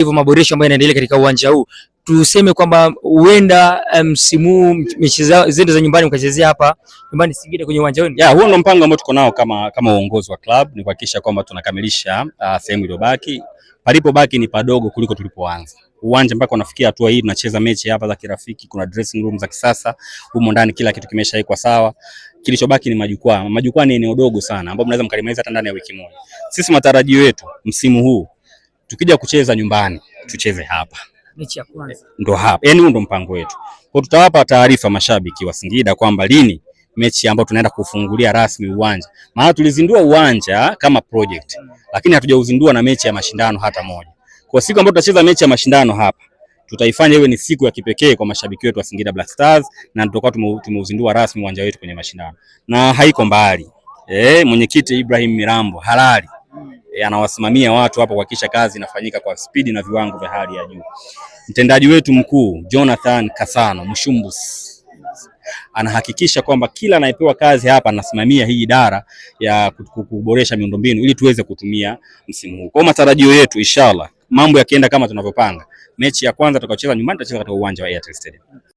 hivyo maboresho ambayo yanaendelea katika uwanja huu, tuseme kwamba huenda eh, msimu um, mechi zenu za nyumbani mkachezea hapa nyumbani Singida kwenye uwanja wenu. Yeah, Huo ndo mpango ambao tuko nao kama kama uongozi wa club ni kuhakikisha kwamba tunakamilisha uh, sehemu iliyobaki. Palipobaki ni padogo kuliko tulipoanza uwanja mpaka unafikia hatua hii, tunacheza mechi hapa za kirafiki, kuna dressing room za kisasa humo ndani, kila kitu kimeshawekwa sawa. Kilichobaki ni majukwaa. Majukwaa ni eneo dogo sana, ambapo mnaweza mkalimaliza hata ndani ya wiki moja. Sisi matarajio yetu msimu huu tukija kucheza nyumbani tucheze hapa mechi ya kwanza ndo hapa, yani huo ndo mpango wetu. Kwa tutawapa taarifa mashabiki wa Singida kwamba lini mechi ambayo tunaenda kufungulia rasmi uwanja, maana tulizindua uwanja kama project, lakini hatujauzindua na mechi ya mashindano hata moja. Kwa siku ambayo tutacheza mechi ya mashindano hapa, tutaifanya iwe ni siku ya kipekee kwa mashabiki wetu wa Singida Black Stars, na tutakuwa tumeuzindua rasmi uwanja wetu kwenye mashindano, na haiko mbali. Eh, mwenyekiti Ibrahim Mirambo halali e, anawasimamia watu hapo kuhakikisha kazi inafanyika kwa spidi na viwango vya hali ya juu. Mtendaji wetu mkuu Jonathan Kasano Mshumbus anahakikisha kwamba kila anayepewa kazi hapa anasimamia hii idara ya kuboresha miundombinu ili tuweze kutumia msimu huu. Kwa matarajio yetu, inshallah mambo yakienda kama tunavyopanga, mechi ya kwanza tutakayocheza nyumbani tutacheza katika uwanja wa Airtel Stadium.